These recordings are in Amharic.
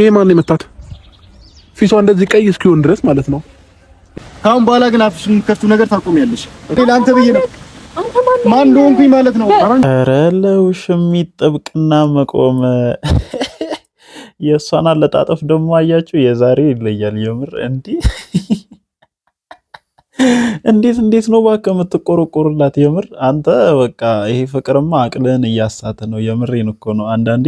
ይሄ ማን የመታት ፊቷ እንደዚህ ቀይ እስኪሆን ድረስ ማለት ነው። ካሁን በኋላ ግን አፍሽን ከፍቱ ነገር ታቆሚያለሽ። እኔ ለአንተ ብዬ ነው ማን እንደሆንኩኝ ማለት ነው። ኧረ ለውሽሚት ጥብቅና መቆም የእሷን አለጣጠፍ ደግሞ አያችሁ። የዛሬው ይለያል የምር እንዲህ እንዴት እንዴት ነው እባክህ የምትቆረቆሩላት? የምር አንተ በቃ ይሄ ፍቅርማ አቅልህን እያሳተ ነው። የምሬን እኮ ነው። አንዳንዴ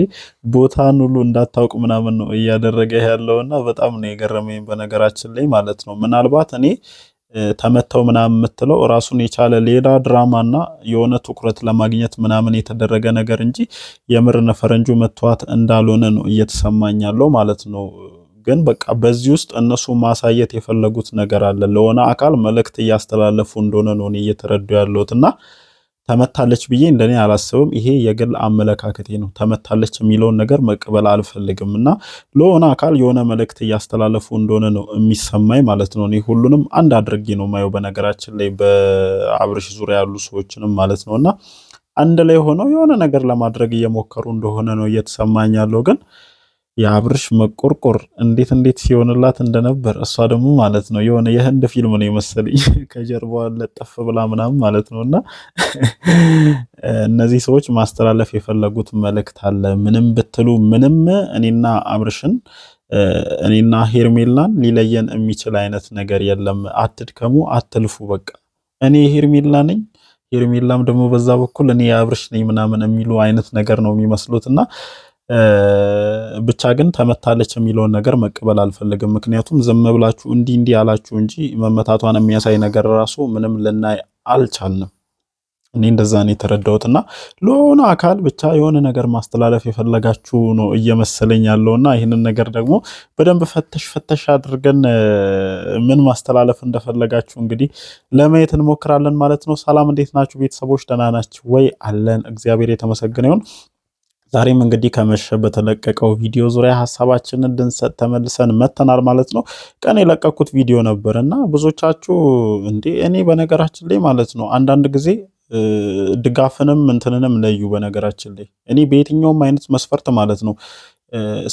ቦታን ሁሉ እንዳታውቅ ምናምን ነው እያደረገ ያለውና በጣም ነው የገረመኝ በነገራችን ላይ ማለት ነው። ምናልባት እኔ ተመተው ምናምን የምትለው ራሱን የቻለ ሌላ ድራማና የሆነ ትኩረት ለማግኘት ምናምን የተደረገ ነገር እንጂ የምር ነፈረንጁ መቷት እንዳልሆነ ነው እየተሰማኝ ያለው ማለት ነው። ግን በቃ በዚህ ውስጥ እነሱ ማሳየት የፈለጉት ነገር አለ። ለሆነ አካል መልእክት እያስተላለፉ እንደሆነ ነው እኔ እየተረዱ ያለሁት እና ተመታለች ብዬ እንደኔ አላስብም። ይሄ የግል አመለካከቴ ነው። ተመታለች የሚለውን ነገር መቀበል አልፈልግም እና ለሆነ አካል የሆነ መልእክት እያስተላለፉ እንደሆነ ነው የሚሰማኝ ማለት ነው። እኔ ሁሉንም አንድ አድርጌ ነው ማየው፣ በነገራችን ላይ በአብርሽ ዙሪያ ያሉ ሰዎችንም ማለት ነው እና አንድ ላይ ሆነው የሆነ ነገር ለማድረግ እየሞከሩ እንደሆነ ነው እየተሰማኝ ያለው ግን የአብርሽ መቆርቆር እንዴት እንዴት ሲሆንላት እንደነበር እሷ ደግሞ ማለት ነው የሆነ የህንድ ፊልም ነው የመሰለኝ ከጀርባዋ ለጠፍ ብላ ምናምን ማለት ነው። እና እነዚህ ሰዎች ማስተላለፍ የፈለጉት መልእክት አለ። ምንም ብትሉ ምንም እኔና አብርሽን እኔና ሄርሜላን ሊለየን የሚችል አይነት ነገር የለም። አትድከሙ፣ አትልፉ። በቃ እኔ ሄርሜላ ነኝ ሄርሜላም ደግሞ በዛ በኩል እኔ የአብርሽ ነኝ ምናምን የሚሉ አይነት ነገር ነው የሚመስሉት እና ብቻ ግን ተመታለች የሚለውን ነገር መቀበል አልፈልግም። ምክንያቱም ዝም ብላችሁ እንዲህ እንዲህ ያላችሁ እንጂ መመታቷን የሚያሳይ ነገር ራሱ ምንም ልናይ አልቻልንም። እኔ እንደዛ ነው የተረዳሁት። እና ለሆነ አካል ብቻ የሆነ ነገር ማስተላለፍ የፈለጋችሁ ነው እየመሰለኝ ያለው እና ይህንን ነገር ደግሞ በደንብ ፈተሽ ፈተሽ አድርገን ምን ማስተላለፍ እንደፈለጋችሁ እንግዲህ ለማየት እንሞክራለን ማለት ነው። ሰላም፣ እንዴት ናችሁ ቤተሰቦች? ደህና ናችሁ ወይ? አለን። እግዚአብሔር የተመሰገነ ይሁን። ዛሬም እንግዲህ ከመሸ በተለቀቀው ቪዲዮ ዙሪያ ሀሳባችንን ልንሰጥ ተመልሰን መተናል ማለት ነው። ቀን የለቀኩት ቪዲዮ ነበር እና ብዙዎቻችሁ እንዴ እኔ በነገራችን ላይ ማለት ነው አንዳንድ ጊዜ ድጋፍንም እንትንንም ለዩ። በነገራችን ላይ እኔ በየትኛውም አይነት መስፈርት ማለት ነው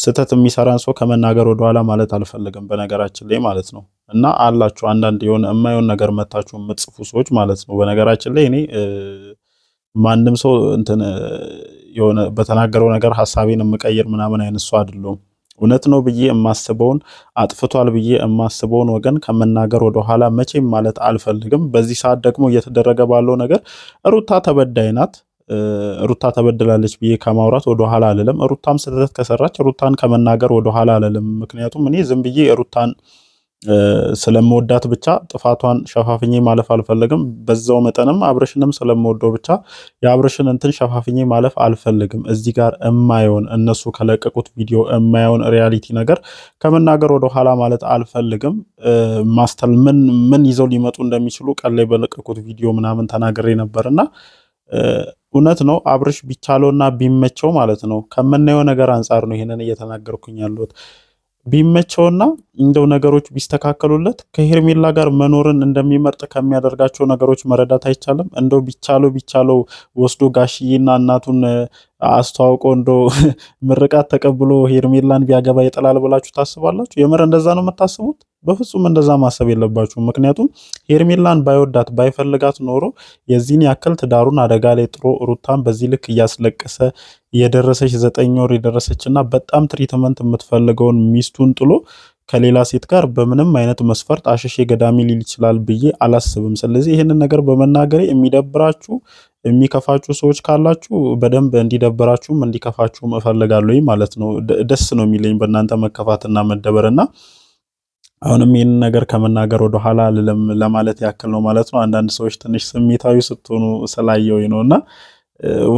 ስህተት የሚሰራን ሰው ከመናገር ወደኋላ ማለት አልፈልግም። በነገራችን ላይ ማለት ነው እና አላችሁ አንዳንድ የሆነ የማይሆን ነገር መታችሁ የምትጽፉ ሰዎች ማለት ነው በነገራችን ላይ እኔ ማንም ሰው እንትን የሆነ በተናገረው ነገር ሀሳቤን የምቀይር ምናምን አይነ ሰው አይደለሁም። እውነት ነው ብዬ የማስበውን አጥፍቷል ብዬ የማስበውን ወገን ከመናገር ወደኋላ መቼም ማለት አልፈልግም። በዚህ ሰዓት ደግሞ እየተደረገ ባለው ነገር ሩታ ተበዳይ ናት። ሩታ ተበድላለች ብዬ ከማውራት ወደኋላ አልልም። ሩታም ስህተት ከሰራች ሩታን ከመናገር ወደኋላ አልልም። ምክንያቱም እኔ ዝም ብዬ ሩታን ስለምወዳት ብቻ ጥፋቷን ሸፋፍኜ ማለፍ አልፈልግም። በዛው መጠንም አብርሽንም ስለምወደው ብቻ የአብርሽን እንትን ሸፋፍኜ ማለፍ አልፈልግም። እዚህ ጋር እማየውን እነሱ ከለቀቁት ቪዲዮ እማየውን ሪያሊቲ ነገር ከመናገር ወደኋላ ማለት አልፈልግም። ማስተል ምን ምን ይዘው ሊመጡ እንደሚችሉ ቀን ላይ በለቀቁት ቪዲዮ ምናምን ተናግሬ እና እውነት ነው። አብርሽ ቢቻለውና ቢመቸው ማለት ነው ከምናየው ነገር አንጻር ነው ይሄንን እየተናገርኩኝ ያለሁት። ቢመቸውና እንደው ነገሮች ቢስተካከሉለት ከሄርሜላ ጋር መኖርን እንደሚመርጥ ከሚያደርጋቸው ነገሮች መረዳት አይቻልም። እንደው ቢቻለው ቢቻለው ወስዶ ጋሽዬና እናቱን አስተዋውቆ እንዶ ምርቃት ተቀብሎ ሄርሜላን ቢያገባ ይጥላል ብላችሁ ታስባላችሁ? የምር እንደዛ ነው የምታስቡት? በፍጹም እንደዛ ማሰብ የለባችሁ። ምክንያቱም ሄርሜላን ባይወዳት ባይፈልጋት ኖሮ የዚህን ያክል ትዳሩን አደጋ ላይ ጥሮ ሩታን በዚህ ልክ እያስለቀሰ የደረሰች ዘጠኝ ወር የደረሰች እና በጣም ትሪትመንት የምትፈልገውን ሚስቱን ጥሎ ከሌላ ሴት ጋር በምንም አይነት መስፈርት አሸሼ ገዳሚ ሊል ይችላል ብዬ አላስብም። ስለዚህ ይህንን ነገር በመናገሬ የሚደብራችሁ የሚከፋችሁ ሰዎች ካላችሁ በደንብ እንዲደብራችሁም እንዲከፋችሁም እፈልጋለሁ ማለት ነው። ደስ ነው የሚለኝ በእናንተ መከፋትና መደበር አሁንም ይህንን ነገር ከመናገር ወደኋላ ለማለት ያክል ነው ማለት ነው። አንዳንድ ሰዎች ትንሽ ስሜታዊ ስትሆኑ ስላየው ነው እና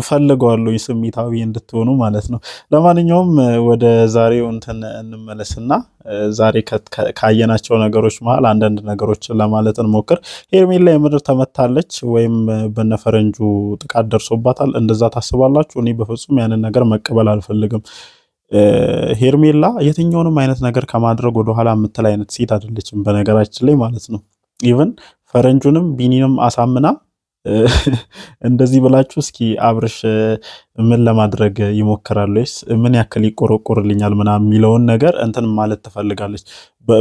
ፈለገዋለሁ ስሜታዊ እንድትሆኑ ማለት ነው። ለማንኛውም ወደ ዛሬው እንትን እንመለስና ዛሬ ካየናቸው ነገሮች መሀል አንዳንድ ነገሮችን ለማለት እንሞክር። ሄርሜላ የምድር ተመታለች ወይም በነፈረንጁ ጥቃት ደርሶባታል እንደዛ ታስባላችሁ? እኔ በፍጹም ያንን ነገር መቀበል አልፈልግም። ሄርሜላ የትኛውንም አይነት ነገር ከማድረግ ወደኋላ የምትል አይነት ሴት አይደለችም፣ በነገራችን ላይ ማለት ነው። ኢቨን ፈረንጁንም ቢኒንም አሳምና እንደዚህ ብላችሁ እስኪ አብርሽ ምን ለማድረግ ይሞክራል ወይስ ምን ያክል ይቆረቆርልኛል ምናምን የሚለውን ነገር እንትን ማለት ትፈልጋለች።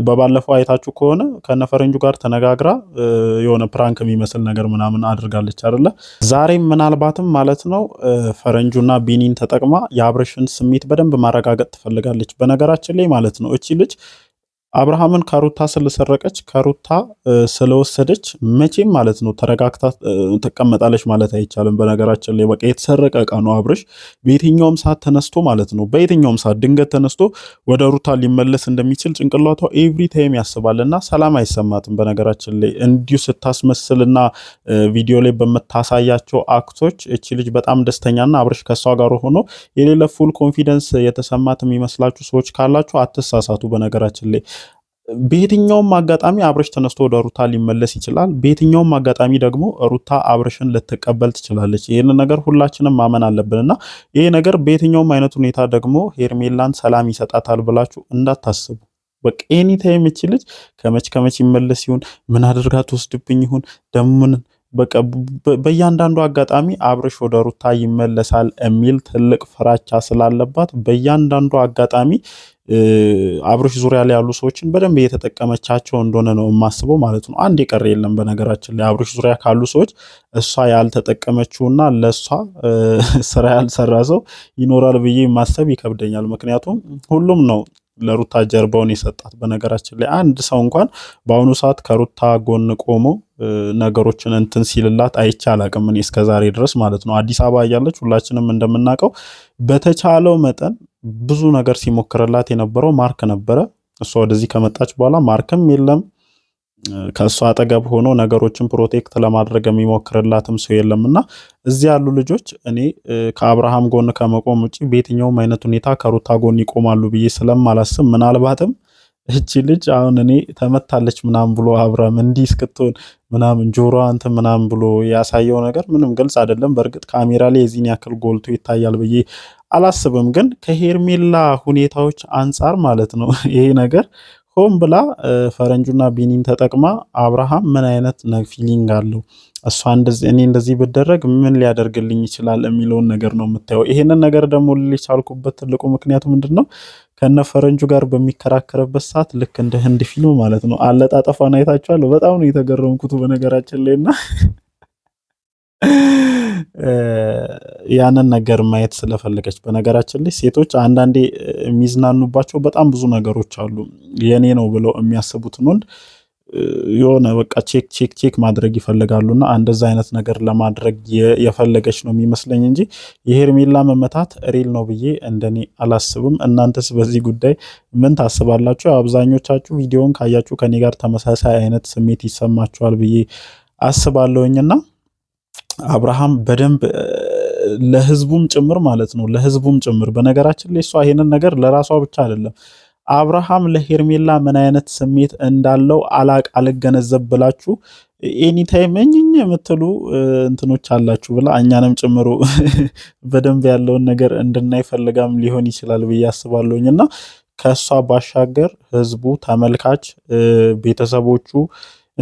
በባለፈው አይታችሁ ከሆነ ከነፈረንጁ ጋር ተነጋግራ የሆነ ፕራንክ የሚመስል ነገር ምናምን አድርጋለች አይደለ? ዛሬም ምናልባትም ማለት ነው ፈረንጁና ቢኒን ተጠቅማ የአብርሽን ስሜት በደንብ ማረጋገጥ ትፈልጋለች። በነገራችን ላይ ማለት ነው እቺ ልጅ አብርሃምን ካሩታ ስለሰረቀች ካሩታ ስለወሰደች መቼም ማለት ነው ተረጋግታ ትቀመጣለች ማለት አይቻልም። በነገራችን ላይ በቃ የተሰረቀ እቃ ነው አብርሽ። በየትኛውም ሰዓት ተነስቶ ማለት ነው በየትኛውም ሰዓት ድንገት ተነስቶ ወደ ሩታ ሊመለስ እንደሚችል ጭንቅላቷ ኤቭሪ ታይም እና ሰላም አይሰማትም። በነገራችን ላይ እንዲሁ ስታስመስልና ቪዲዮ ላይ በምታሳያቸው አክቶች እቺ ልጅ በጣም ደስተኛና አብርሽ ከእሷ ጋር ሆኖ የሌለ ፉል ኮንፊደንስ የተሰማት የሚመስላችሁ ሰዎች ካላችሁ አትሳሳቱ። በነገራችን ላይ በየትኛውም አጋጣሚ አብረሽ ተነስቶ ወደ ሩታ ሊመለስ ይችላል። በየትኛውም አጋጣሚ ደግሞ ሩታ አብረሽን ልትቀበል ትችላለች። ይህን ነገር ሁላችንም ማመን አለብን አለብንና ይሄ ነገር በየትኛውም አይነት ሁኔታ ደግሞ ሄርሜላን ሰላም ይሰጣታል ብላችሁ እንዳታስቡ። በቃ ኤኒ ታይም ይቺ ልጅ ከመች ከመች ይመለስ ይሁን ምን አድርጋ ትወስድብኝ ይሁን ደምን በቃ በእያንዳንዱ አጋጣሚ አብርሽ ወደ ሩታ ይመለሳል የሚል ትልቅ ፍራቻ ስላለባት በእያንዳንዱ አጋጣሚ አብርሽ ዙሪያ ላይ ያሉ ሰዎችን በደንብ እየተጠቀመቻቸው እንደሆነ ነው የማስበው ማለት ነው። አንድ የቀረ የለም። በነገራችን ላይ አብርሽ ዙሪያ ካሉ ሰዎች እሷ ያልተጠቀመችውና ለእሷ ስራ ያልሰራ ሰው ይኖራል ብዬ ማሰብ ይከብደኛል። ምክንያቱም ሁሉም ነው ለሩታ ጀርባውን የሰጣት። በነገራችን ላይ አንድ ሰው እንኳን በአሁኑ ሰዓት ከሩታ ጎን ቆሞ ነገሮችን እንትን ሲልላት አይቼ አላቅም እኔ እስከዛሬ ድረስ ማለት ነው። አዲስ አበባ እያለች ሁላችንም እንደምናውቀው በተቻለው መጠን ብዙ ነገር ሲሞክርላት የነበረው ማርክ ነበረ። እሷ ወደዚህ ከመጣች በኋላ ማርክም የለም ከእሷ አጠገብ ሆኖ ነገሮችን ፕሮቴክት ለማድረግ የሚሞክርላትም ሰው የለም እና እዚህ ያሉ ልጆች እኔ ከአብርሃም ጎን ከመቆም ውጭ በየትኛውም አይነት ሁኔታ ከሩታ ጎን ይቆማሉ ብዬ ስለማላስብ ምናልባትም እቺ ልጅ አሁን እኔ ተመታለች ምናምን ብሎ አብረም እንዲህ እስክትሆን ምናምን ጆሮ አንተ ምናምን ብሎ ያሳየው ነገር ምንም ግልጽ አይደለም። በእርግጥ ካሜራ ላይ የዚህን ያክል ጎልቶ ይታያል ብዬ አላስብም። ግን ከሄርሜላ ሁኔታዎች አንጻር ማለት ነው ይሄ ነገር ሆን ብላ ፈረንጁና ቢኒን ተጠቅማ አብርሃም ምን አይነት ፊሊንግ አለው እሷ እኔ እንደዚህ ብደረግ ምን ሊያደርግልኝ ይችላል የሚለውን ነገር ነው የምታየው። ይሄንን ነገር ደግሞ ልቻልኩበት ትልቁ ምክንያቱ ምንድን ነው? ከነ ፈረንጁ ጋር በሚከራከርበት ሰዓት ልክ እንደ ህንድ ፊልም ማለት ነው አለጣጠፏን አይታችኋል። በጣም ነው የተገረምኩት በነገራችን ላይ እና ያንን ነገር ማየት ስለፈለገች። በነገራችን ላይ ሴቶች አንዳንዴ የሚዝናኑባቸው በጣም ብዙ ነገሮች አሉ። የኔ ነው ብለው የሚያስቡትን ወንድ የሆነ በቃ ቼክ ቼክ ቼክ ማድረግ ይፈልጋሉ እና እንደዛ አይነት ነገር ለማድረግ የፈለገች ነው የሚመስለኝ እንጂ የሄርሜላ መመታት ሪል ነው ብዬ እንደኔ አላስብም። እናንተስ በዚህ ጉዳይ ምን ታስባላችሁ? አብዛኞቻችሁ ቪዲዮን ካያችሁ ከኔ ጋር ተመሳሳይ አይነት ስሜት ይሰማችኋል ብዬ አስባለሁኝና አብርሃም በደንብ ለህዝቡም ጭምር ማለት ነው፣ ለህዝቡም ጭምር በነገራችን ላይ እሷ ይሄንን ነገር ለራሷ ብቻ አይደለም አብርሃም ለሄርሜላ ምን አይነት ስሜት እንዳለው አላቅ አልገነዘብ ብላችሁ ኤኒታይም እኝኝ የምትሉ እንትኖች አላችሁ ብላ እኛንም ጭምሩ በደንብ ያለውን ነገር እንድናይፈልጋም ሊሆን ይችላል ብዬ አስባለሁኝ እና ከእሷ ባሻገር ህዝቡ፣ ተመልካች፣ ቤተሰቦቹ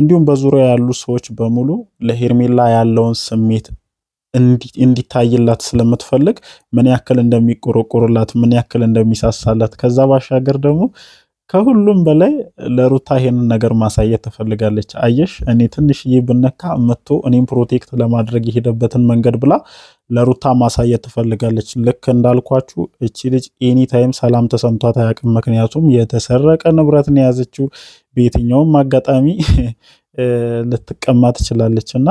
እንዲሁም በዙሪያ ያሉ ሰዎች በሙሉ ለሄርሜላ ያለውን ስሜት እንዲታይላት ስለምትፈልግ ምን ያክል እንደሚቆረቆርላት፣ ምን ያክል እንደሚሳሳላት ከዛ ባሻገር ደግሞ ከሁሉም በላይ ለሩታ ይሄንን ነገር ማሳየት ትፈልጋለች። አየሽ እኔ ትንሽዬ ብነካ መጥቶ እኔም ፕሮቴክት ለማድረግ የሄደበትን መንገድ ብላ ለሩታ ማሳየት ትፈልጋለች። ልክ እንዳልኳችሁ እቺ ልጅ ኤኒታይም ሰላም ተሰምቷት አያውቅም። ምክንያቱም የተሰረቀ ንብረት የያዘችው። በየትኛውም አጋጣሚ ልትቀማ ትችላለች እና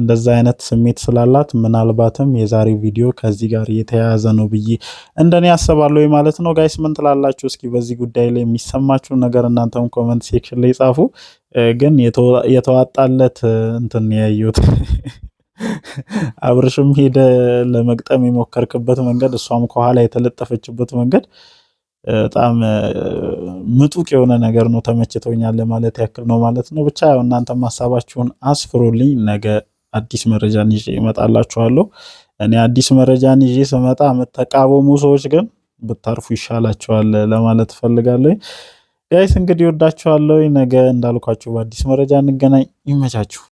እንደዛ አይነት ስሜት ስላላት ምናልባትም የዛሬው ቪዲዮ ከዚህ ጋር የተያያዘ ነው ብዬ እንደኔ ያስባለሁ ማለት ነው። ጋይስ ምን ትላላችሁ? እስኪ በዚህ ጉዳይ ላይ የሚሰማችሁን ነገር እናንተም ኮመንት ሴክሽን ላይ ጻፉ። ግን የተዋጣለት እንትን ያየሁት አብርሽም ሄደ ለመግጠም የሞከርክበት መንገድ እሷም ከኋላ የተለጠፈችበት መንገድ በጣም ምጡቅ የሆነ ነገር ነው። ተመችቶኛል ለማለት ያክል ነው ማለት ነው። ብቻ እናንተም ሀሳባችሁን አስፍሩልኝ። ነገ አዲስ መረጃን ይዤ እመጣላችኋለሁ። እኔ አዲስ መረጃን ይዤ ስመጣ የምትቃወሙ ሰዎች ግን ብታርፉ ይሻላችኋል ለማለት እፈልጋለሁ። ጋይስ እንግዲህ ወዳችኋለሁ። ነገ እንዳልኳችሁ በአዲስ መረጃ እንገናኝ። ይመቻችሁ።